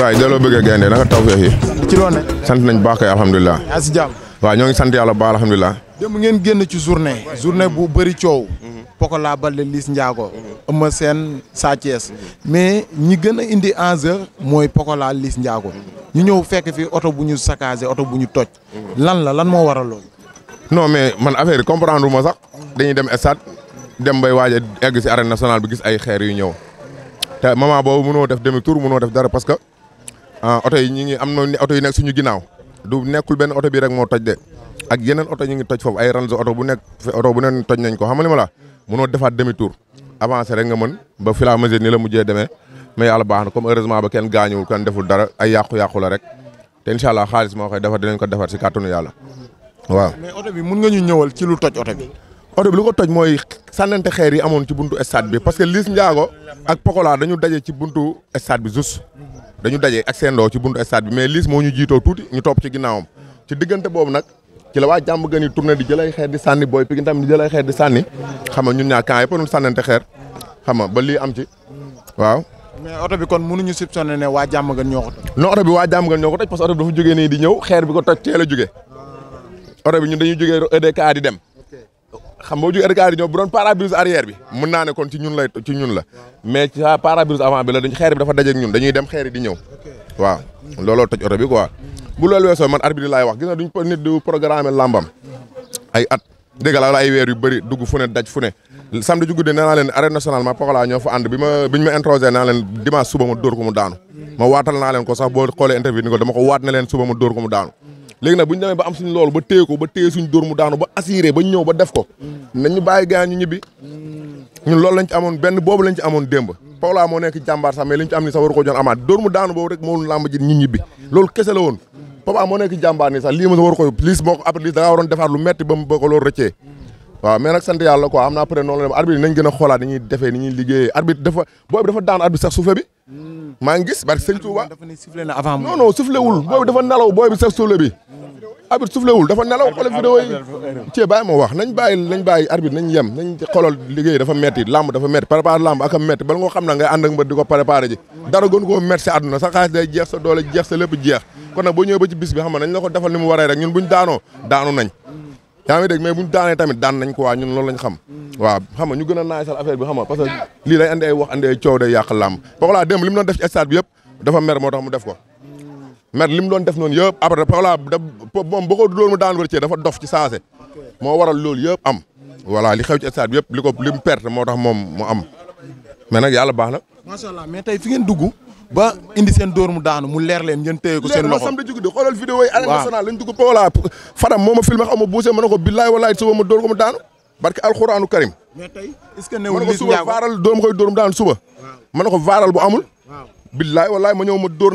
waaw delloo bëgg a gaynde naka taw feex yi ci loon ne sant nañ baax kay alhamdulilah yaa si jàmm waaw ñoo ngi sant yàlla baax alhamdulilah dem ngeen génn ci journée journée bu bëri coow. Mm-hmm. Pokola Baldé Liss Ndiago. Mm-hmm. Eumeu Sène Sa Thiès mm-hmm. mais ñi gën a indi enjeu mooy Pokola Liss Ndiago ñu ñëw fekk fi oto bu ñu saccagé oto bu ñu toj. lan la lan moo waral loolu. mais man affaire yi comprendre ma sax dañuy dem stade dem bay waaj a egg si arène nationale bi gis ay xeer yu ñëw te moment boobu mënoo def demi tour mënoo def dara parce que ah, oto yi ñu ngi am na oto yi nekk suñu ginnaaw du nekkul benn oto bi rek moo toj de. ak yeneen oto ñu ngi toj foofu ay range oto bu nekk oto bu nekk toj nañ ko xam nga li ma la mënoo defaat demi tour rek nga mën ba fi la mesure ni la mujjee demee mais yàlla baax na comme heureusement ba kenn gaañuwul kenn deful dara ay yàqu-yàqu la rek te incha allah xaalis moo koy defar dinañ ko defar si kàttanu yàlla waaw. mais mun nga ñu ñëwal ci lu toj oto bi. oto bi lu ko toj mooy sànnante xeer yi amoon ci buntu stade bi parce que Liss Ndiago ak Pokola dañu daje ci buntu stade bi juste ci buntu stade mais Liss moo ñu jiitoo tuuti ñu topp ci ginnaawam ci diggante boobu nag ci la waa jàmm gën yi tourné di jëlay xeer di sànni booy Pikine tamit di jëlay xeer di sànni xam nga ñun ñaa camp yëpp a doon sànnante xeer xam nga ba lii am ci waaw. mais oto bi kon mun nu mënuñu soupçonné ne waa jàmm gën ñoo ko toj. oto bi waa jàmm gën ñoo ko toj parce que oto bi dafa jógee nii di ñëw xeer bi ko toj teel a jógee ah. oto bi ñun dañuy jógee EDK di dem xam nga bu jógee EDK di ñëw bu doon pare-brise arrière bi mun naa ne kon ci ñun lay ci ñun la ah. mais ci pare-brise avant la dañ xeer bi dafa dajeeg ñun dañuy dem xeer di ñëw waaw looloo toj oto bi quoi bu loolu weesoo man arbitre lay wax gis nga duñ nit du programmer lambam ay at degal la ay wer yu bëri dug fu ne daj fu ne samedi ju guddee nee naa nationale ma Pokola ño fa and bima biñ ma introsé na len dimanche suba ma dor ko mu daanu ma watal na len ko sax bo xoolee interview ni ko dama ko wat na len suba ma dor ko mu daanu legui na buñ demé ba am suñ loolu ba téye ko ba téye suñ dor mu daanu ba assuré ba ñew ba def ko nañu baye gaay ñu ñibi ñun loolu lañ ci amone benn bobu lañ ci amone demb Pokola mo nek jambar sax mais liñ ci am ni sax ko joon amaat dor mu daanu bo rek moolu lamb ji ñi ñibi loolu kese la Papa moo nekk jàmbaar nii sax lii ma war ko liis moo ko après lii metti ko loolu rëccee waaw mais nag sant yàlla quoi am naa après a xoolaat ni ni ñuy liggéeyee arbitre dafa boobu dafa daan arbitre sax soufflé bi hmm. maa ngi gis barke sëñ Touba non non nelaw boobu bi sax soufflé bi arbitre bàyyi ma bàyyi nañ bàyyi arbitre nañ nañ xoolal liggéey dafa metti làmb dafa metti préparé a metti bala nga xam na ngay ànd ak mbër di ko préparé ji dara gën koo metti si àdduna sa xaalis day jeex sa doole jeex sa lépp jeex kon nag boo ñëwee ba ci bis bi xam nañ la ko defal ni mu waree rek ñun buñ daanoo daanu nañ yaa ngi dégg mais buñ daanee tamit daan nañ ko waa ñun lool lañ xam waaw xam ñu gën a naajsal affaire bi xam nga parce que lii lay andi ay wax andi ay coow day yàq làmb Pokola démb mu doon def ci stade bi yëpp dafa mer moo tax mu def ko mer noonu yëpp après Pokola da moom boo ko doon mu daan wërcee dafa dof ci saase moo waral loolu yëpp am voilà li xew ci stade bi yëpp li ko li mu perte moo tax moom mu am mais nag yàlla baax na macha allah mais tey fi ngeen dugg ba indi seen dóor mu daanu mu leer leen ngeen téye ko seen loxo samedi jugudi xoolal vidéo yi arène nationale lañ dugg Pogola Fadam a ma filmé xaw ma buuse ma ne ko billaay walaay suba ma dóor ko mu daanu mais tey est-ce que newul Liss suba ma ne ko vaaral bu amul billaay walaay ma ñëw ma dóor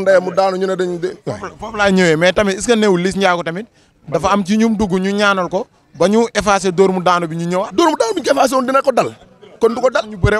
ñëwee mais tamit est-ce que newul tamit dafa am ci ñum dugg ñu ñaanal ko ba ñu effacé dóor mu daanu bi ñu ñëwaat dóor mu daanu bi ñu ko effacé dina ko dal kon du dal ñu bëre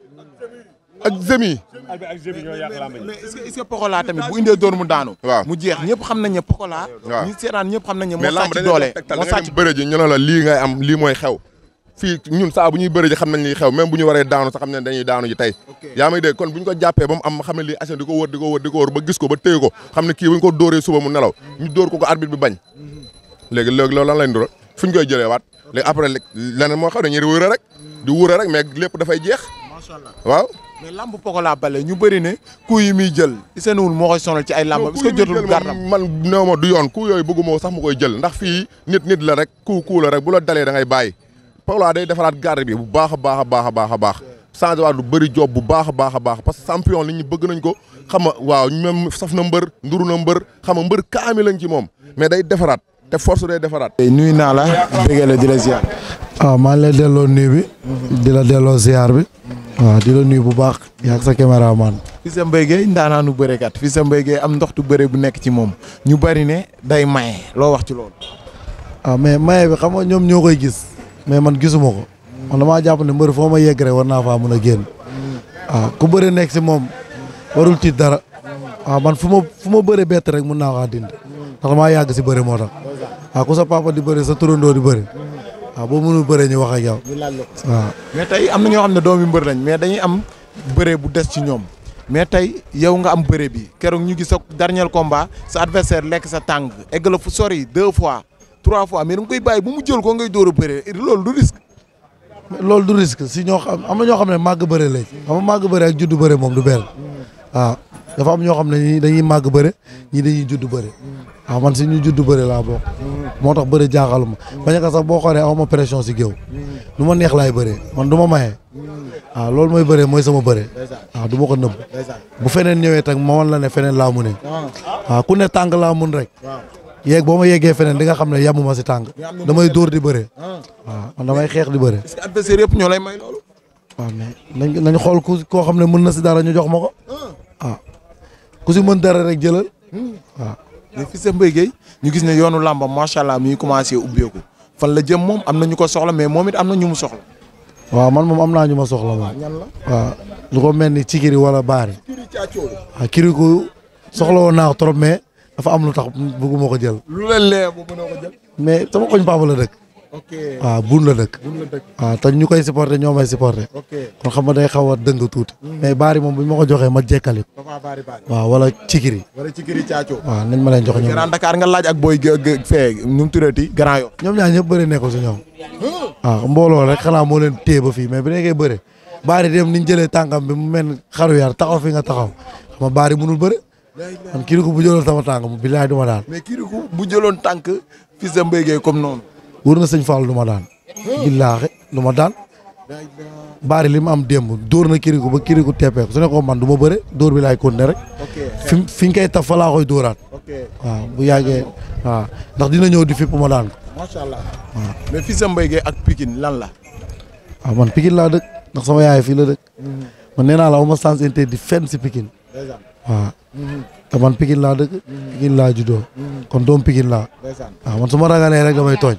ak Zemi. ak Zemi ñoo yàq lamb ji. mais est tamit bu indee dóor mu daanu. waaw mu jeex ñëpp xam nañ ne Pokola. waaw ñi seetaan ñëpp nañ ne moo sàcc doole moo sàcc xew. fii ñun saa bu ñuy bëre xam nañ xew même bu ñu waree daanu sax xam xam ne lii ko wër di ko wër di ko wër ko ba téye ko xam ne kii bu ñu ñu koy jëlee waat léegi après leneen moo xaw dañuy wër rek di wër rek mais lépp dafay jeex macha allah waaw mais lamb Pokola Baldé ñu bëri ne coups yi muy jël Ousseynou moo koy sonal ci ay lamb est-ce que jotul gardam man néew ma du yoon coups yooyu bëgguma sax ma koy jël ndax fii nit nit la rek coup coup la rek bu la dalee da ngay bàyyi Pokola day defaraat garde bi bu baax a baax a baax a baax a baax changé waat lu bëri job bu baax a baax a baax parce que champion li ñu bëgg nañ ko xam nga waaw même saf na mbër nduru na mbër xam nga mbër kaami lañ ci moom mais day defaraat te force day defaraat. nuyu naa la bëgg la di la ziar. Ah, maa ngi lay delloo nuyu bi. di la delloo ziar bi. waaw di la nuyu bu baax yaag sa caméraman Fils de ndana nu ndaanaanu kat Fils de Mbaye Gueye am ndoxtu bëre bu nek ci mom ñu bari ne day may lo wax ci lool ah mais may bi xam nga ñom ñoo gis mais man gisumako man dama japp ne mbeur foma ma yegg rek war naa faa a génn ah, ku bëre nek ci mom warul ti dara ah man fuma fuma fu ma rek mun wa dind dama yag ci yàgg si bëre tax waaw ah, ku sa papa di bëre sa turundo di bëre waaw boo bëree ñu wax ak yow. ñu laaj la am na ñoo xam ne doomi mbër lañ mais dañuy am bëree bu des ci ñoom mais tey yow nga am bëree bi keroog ñu gi sa dernier combat sa adversaire lekk sa tànk egg la fu sori deux fois trois fois mais da nga koy bàyyi bu mu jël ko ngay dóor a bëree loolu du risque. loolu du risque si ñoo xam am na ñoo xam ne màgg bëree lañ. xam nga màgg bëre ak juddu bëre moom du benn waaw. dafa am ñoo xam ne dañuy màgg bëre ñii dañuy judd bëre waaw man si ñu judd bëre laa bokk moo tax bëre jaaxalu ma bañaka sax boo xoolee a ma pression si géew lu ma neexlaay laay bëree man du ma maye loolu mooy bëree mooy sama bëree waaw du ma ko nëbb bu feneen ñëwee tag ma wan la ne feneen laa mu ne waaw ku ne tàng laa mun rek yeeg boo ma yeggee feneen di nga xam ne yàmmu ma si tàng damay door di bëre waaw man damay xeex di bëre est yëpp ñoo lay may loolu waaw nañ nañ xool ku koo xam ne mën na si dara ñu jox ma ku si mën dara rek jëlal waaw. mais fii sa Mbaye Guèye ñu gis ne yoonu làmba macha allah mi ngi commencé ubbeeku fan la jëm moom am na ñu ko soxla mais moom it am na ñu mu soxla. waaw man moom am naa ñu ma soxla moom. Ah, waaw lu ko mel ni Cikiri wala Baari. waaw kiri ah, soxla woon naa ko trop mais dafa am lu tax bëgguma ko jël. lu la lee bu mënoo ko mais sama koñ Paa la dëkk. waaw ah, buun la dëkk waaw ah, ta ñu koy supporté ñoo may supporté kon xam nga day xaw a dëng tuuti mm-hmm. mais baari moom bu ñu ma ko joxee ma jekkali ko waaw wala cikiri wala cikiri ma leen jox ñoom Grand Dakar nga laaj ak booy fee ñu mu tuddati Grand ñoom ñaar ñëpp bëri ko si ñoom waaw ah, mbooloo rek xanaa moo leen téye ba fii mais bi nekkee bëri baari dem niñ jëlee tànkam bi mu mel xaru yar taxaw fi nga taxaw xam nga baari mënul bëri man kiriku bu jëloon sama tànk bilaay du ma daal mais kiriku bu jëloon tànk fils de mbéygee comme noonu wër na sëñ Fall lu ma daan. billaahi du ma daan. baari li mu am démb dóor na kiriku ba kiriku teppee ko su ne ko man du ma bëre dóor bi laay continuer rek. fi fi koy taf fa laa koy dóoraat. bu yàggee ndax dina ñëw di fépp ma daan ko. macha allah waaw. mais ak Pikine lan la. waaw man Pikine laa ndax sama yaay fii la dëkk. Mhm. man naa la ma sens interdit di mhm. laa dëkk. Mhm. laa kon doom Pikine laa. waaw man su ma ragalee rek damay tooñ.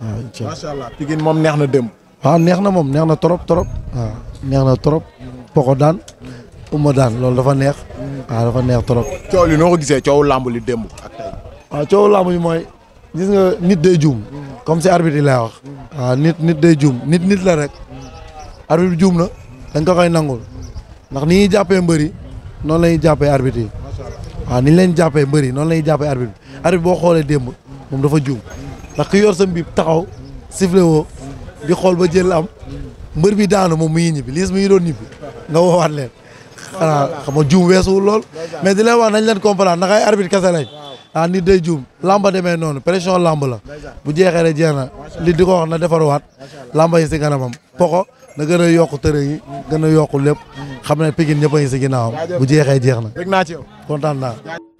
waaw ah, macha allah Pikine moom neex na démb. waaw ah, neex na moom neex na trop trop. waaw ah, neex na trop. poko daan. uma daan loolu dafa neex. waaw dafa neex trop. coow li noo ko gisee coowu làmb li démb ak tey. waaw coowu làmb li mooy. gis nga nit day juum. comme si arbitre yi lay wax. waaw nit nit day juum nit nit la rek. arbitre bi juum na dañ ko koy nangul. ndax ni ñuy jàppee mbër yi noonu la ñuy jàppee arbitre yi. waaw ni ñu leen jàppee mbër yi noonu la jàppee arbitre boo xoolee démb moom dafa juum. ndax ki yor sa mbiib taxaw sifflé woo di xool ba jël am mbër bi daanu moom mu ngi ñibbi liis mu ngi doon ñibbi nga woowaat leen xanaa xam nga juum weesuwul lool mais di leen wax nañ leen comprendre ndax ay arbitre kese lañ ah nit day juum lamba demee noonu pression lamb la bu jeexee rek jeex na li di ko wax na defarwaat lamba yi si kanamam poko na gën a yokk tërë yi gën a yokk lépp xam ne Pikine ñëpp a ngi si ginnaawam bu jeexee jeex na. kontaan naa.